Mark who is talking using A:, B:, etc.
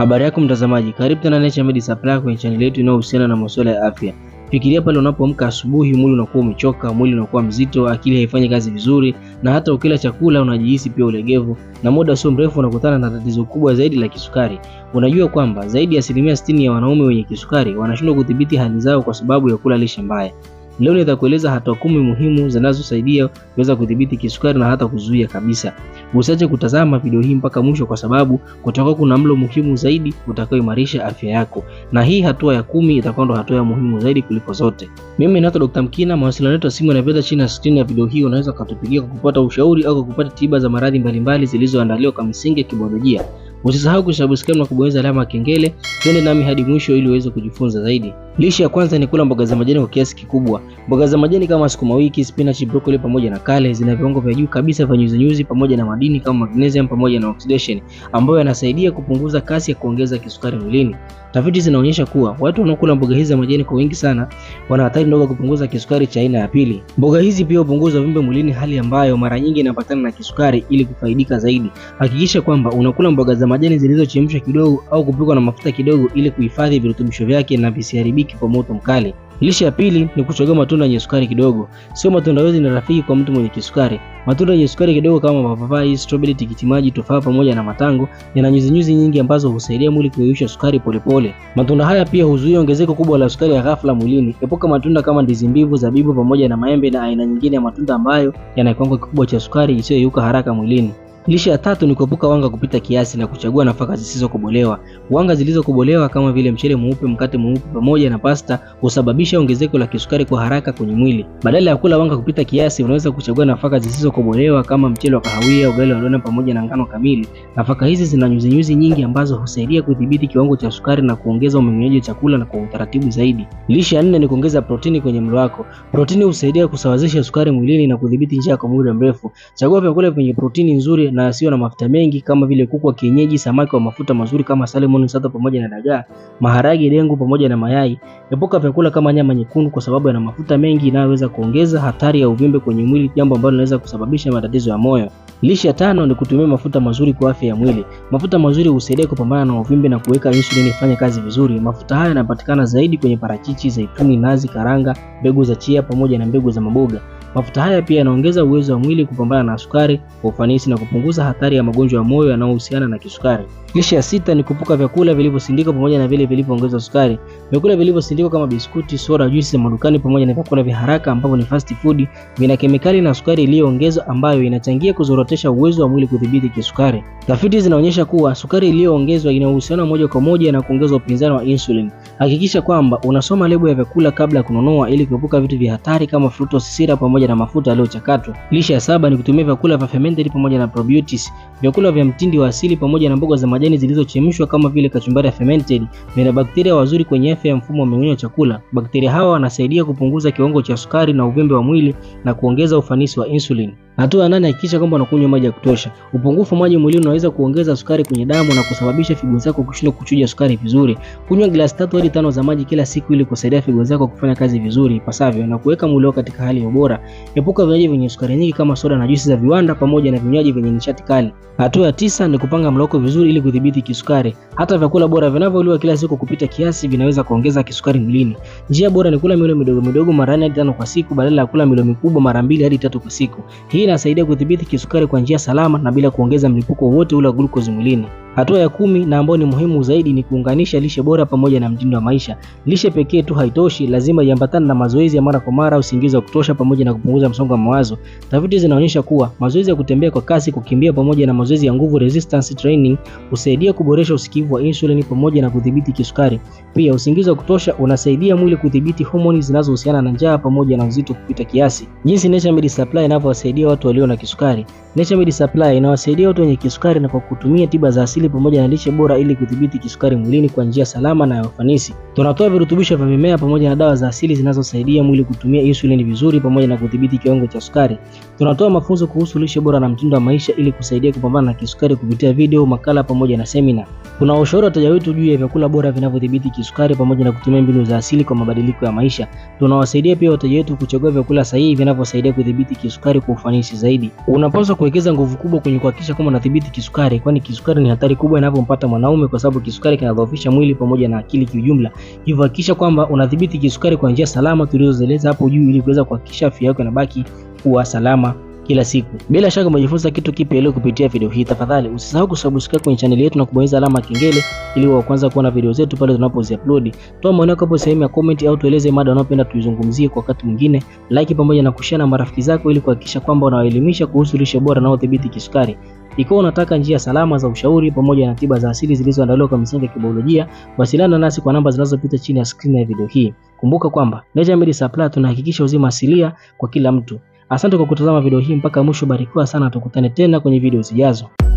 A: Habari yako mtazamaji, karibu tena Naturemed Supply kwenye channel yetu inayohusiana na masuala ya afya. Fikiria pale unapoamka asubuhi, mwili unakuwa umechoka, mwili unakuwa mzito, akili haifanyi kazi vizuri, na hata ukila chakula unajihisi pia ulegevu, na muda sio mrefu unakutana na tatizo kubwa zaidi la kisukari. Unajua kwamba zaidi ya asilimia sitini ya wanaume wenye kisukari wanashindwa kudhibiti hali zao kwa sababu ya kula lishe mbaya. Leo nitakueleza hatua kumi muhimu zinazosaidia kuweza kudhibiti kisukari na hata kuzuia kabisa. Usiache kutazama video hii mpaka mwisho, kwa sababu kutakuwa kuna mlo muhimu zaidi utakaoimarisha afya yako, na hii hatua ya kumi itakuwa ndo hatua ya muhimu zaidi kuliko zote. Mimi ni Dr. Mkina, mawasiliano yetu ya simu yanapita chini ya skrini ya video hii. Unaweza ukatupigia kwa kupata ushauri au kwa kupata tiba za maradhi mbalimbali zilizoandaliwa kwa misingi ya kibiolojia. Usisahau kusubscribe na kubonyeza alama ya kengele. Twende nami hadi mwisho ili uweze kujifunza zaidi. Lishe ya kwanza ni kula mboga za majani kwa kiasi kikubwa. Mboga za majani kama sukuma wiki, spinach, broccoli pamoja na kale zina viwango vya juu kabisa vya nyuzi pamoja na madini kama magnesium pamoja na oxidation ambayo yanasaidia kupunguza kasi ya kuongeza kisukari mwilini. Tafiti zinaonyesha kuwa watu wanaokula mboga hizi za majani kwa wingi sana wana hatari ndogo kupunguza kisukari cha aina ya pili. Mboga hizi pia hupunguza uvimbe mwilini, hali ambayo mara nyingi inapatana na kisukari. Ili kufaidika zaidi, hakikisha kwamba unakula mboga za majani zilizochemshwa kidogo au kupikwa na mafuta kidogo ili kuhifadhi virutubisho vyake na visiharibiki kwa moto mkali. Lishe ya pili ni kuchagua matunda yenye sukari kidogo. Sio matunda yote ni rafiki kwa mtu mwenye kisukari. Matunda yenye sukari kidogo kama mapapai, strawberry, tikiti maji, tufaa pamoja na matango yana nyuzinyuzi nyingi ambazo husaidia mwili kuyeyusha sukari polepole. Matunda haya pia huzuia ongezeko kubwa la sukari ya ghafla mwilini. Epuka matunda kama ndizi mbivu, zabibu pamoja na maembe na aina nyingine ya matunda ambayo yana kiwango kikubwa cha sukari isiyoyeyuka haraka mwilini. Lishe ya tatu ni kuepuka wanga kupita kiasi na kuchagua nafaka zisizokobolewa. Wanga zilizokobolewa kama vile mchele mweupe, mkate mweupe pamoja na pasta husababisha ongezeko la kisukari kwa haraka kwenye mwili. Badala ya kula wanga kupita kiasi, unaweza kuchagua nafaka zisizokobolewa kama mchele wa kahawia, ugali wa dona pamoja na ngano kamili. Nafaka hizi zina nyuzinyuzi nyingi ambazo husaidia kudhibiti kiwango cha sukari na kuongeza umeng'enyaji wa chakula na kwa utaratibu zaidi. Lishe ya nne ni kuongeza protini kwenye mlo wako. Protini husaidia kusawazisha sukari mwilini na kudhibiti njaa kwa muda mrefu. Chagua vyakula vyenye protini nzuri na yasiyo na mafuta mengi kama vile kuku wa kienyeji, samaki wa mafuta mazuri kama salmon, sato pamoja na dagaa, maharage, dengu pamoja na mayai. Epuka vyakula kama nyama nyekundu kwa sababu yana mafuta mengi inayoweza kuongeza hatari ya uvimbe kwenye mwili, jambo ambalo linaweza kusababisha matatizo ya moyo. Lishe tano ni kutumia mafuta mazuri kwa afya ya mwili. Mafuta mazuri husaidia kupambana na uvimbe na kuweka insulin ifanye kazi vizuri. Mafuta haya yanapatikana zaidi kwenye parachichi, zaituni, nazi, karanga, mbegu za chia pamoja na mbegu za maboga. Mafuta haya pia yanaongeza uwezo wa mwili kupambana na sukari kwa ufanisi na kupunguza hatari ya magonjwa ya moyo yanayohusiana na kisukari. Lishe ya sita ni kupuka vyakula vilivyosindikwa pamoja na vile vilivyoongezwa sukari. Vyakula vilivyosindikwa kama biskuti, soda, juisi za madukani pamoja na vyakula vya haraka ambavyo ni fast food vina kemikali na sukari iliyoongezwa ambayo inachangia kuzorotesha uwezo wa mwili kudhibiti kisukari. Tafiti zinaonyesha kuwa sukari iliyoongezwa ina uhusiano moja kwa moja na kuongeza upinzani wa insulin. Hakikisha kwamba unasoma lebo ya vyakula kabla ya kununua ili kuepuka vitu vya hatari kama fructose syrup pamoja na mafuta yaliyochakatwa. Lishe ya saba ni kutumia vyakula vya fermented pamoja na probiotics. Vyakula vya mtindi wa asili pamoja na mboga za majani zilizochemshwa kama vile kachumbari ya fermented, vina bakteria wazuri kwenye afya ya mfumo wa mmeng'enyo wa chakula. Bakteria hawa wanasaidia kupunguza kiwango cha sukari na uvimbe wa mwili na kuongeza ufanisi wa insulin. Hatua ya nane, hakikisha kwamba unakunywa maji ya kutosha. Upungufu wa maji mwilini unaweza kuongeza sukari kwenye damu na kusababisha figo zako kushindwa kuchuja sukari vizuri. Kunywa glasi tatu hadi tano za maji kila siku ili kusaidia figo zako kufanya kazi vizuri ipasavyo na kuweka mwili wako katika hali ya ubora. Epuka vinywaji vyenye sukari nyingi kama soda na juisi za viwanda pamoja na vinywaji vyenye nishati kali. Hatua ya tisa ni kupanga mlo wako vizuri ili kudhibiti kisukari. Hata vyakula bora vinavyoliwa kila siku kupita kiasi vinaweza kuongeza kisukari mwilini. Njia bora ni kula milo midogo midogo mara nne hadi tano kwa siku badala ya kula milo mikubwa mara mbili hadi tatu kwa siku. Hii inasaidia kudhibiti kisukari kwa njia salama na bila kuongeza mlipuko wowote ule wa glucose mwilini. Hatua ya kumi na ambayo ni muhimu zaidi ni kuunganisha lishe bora pamoja na mtindo wa maisha. Lishe pekee tu haitoshi, lazima iambatane na mazoezi ya mara kwa mara, usingizi wa kutosha, pamoja na kupunguza msongo wa mawazo. Tafiti zinaonyesha kuwa mazoezi ya kutembea kwa kasi, kukimbia, pamoja na mazoezi ya nguvu resistance training husaidia kuboresha usikivu wa insulin pamoja na kudhibiti kisukari. Pia usingizi wa kutosha unasaidia mwili kudhibiti homoni zinazohusiana na njaa pamoja na uzito kupita kiasi. Jinsi Naturemed Supply inavyowasaidia watu walio na kisukari. Naturemed Supply inawasaidia watu wenye kisukari na kwa kutumia tiba za asili pamoja na lishe bora ili kudhibiti kisukari mwilini kwa njia salama na ya ufanisi. Tunatoa virutubisho vya mimea pamoja na dawa za asili zinazosaidia mwili kutumia insulin vizuri pamoja na kudhibiti kiwango cha sukari. Tunatoa mafunzo kuhusu lishe bora na mtindo wa maisha ili kusaidia kupambana na kisukari kupitia video, makala pamoja na semina. Tunawashauri wateja wetu juu ya vyakula bora vinavyodhibiti kisukari pamoja na kutumia mbinu za asili kwa mabadiliko ya maisha. Tunawasaidia pia wateja wetu kuchagua vyakula sahihi vinavyosaidia kudhibiti kisukari kwa ufanisi zaidi. Unapaswa kuwekeza nguvu kubwa kwenye kuhakikisha kwamba unadhibiti kisukari, kwani kisukari ni hatari sukari kubwa inavyompata mwanaume, kwa sababu kisukari kinadhoofisha mwili pamoja na akili kiujumla. Hivyo hakikisha kwamba unadhibiti kisukari kwa njia salama tulizoeleza hapo juu, ili kuweza kuhakikisha afya yako inabaki kuwa salama kila siku. Bila shaka umejifunza kitu kipya leo kupitia video hii. Tafadhali usisahau kusubscribe kwenye channel yetu na kubonyeza alama ya kengele ili wa kwanza kuona video zetu pale tunapozi upload. Toa maoni yako hapo sehemu ya comment au tueleze mada unayopenda tuizungumzie kwa wakati mwingine. Like pamoja na kushare na marafiki zako ili kuhakikisha kwamba unawaelimisha kuhusu lishe bora na udhibiti kisukari. Ikiwa unataka njia salama za ushauri pamoja na tiba za asili zilizoandaliwa kwa misingi ya kibiolojia, wasiliana nasi kwa namba zinazopita chini ya skrini ya video hii. Kumbuka kwamba Naturemed Supplies tunahakikisha uzima asilia kwa kila mtu. Asante kwa kutazama video hii mpaka mwisho. Barikiwa sana, tukutane tena kwenye video zijazo.